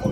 これ。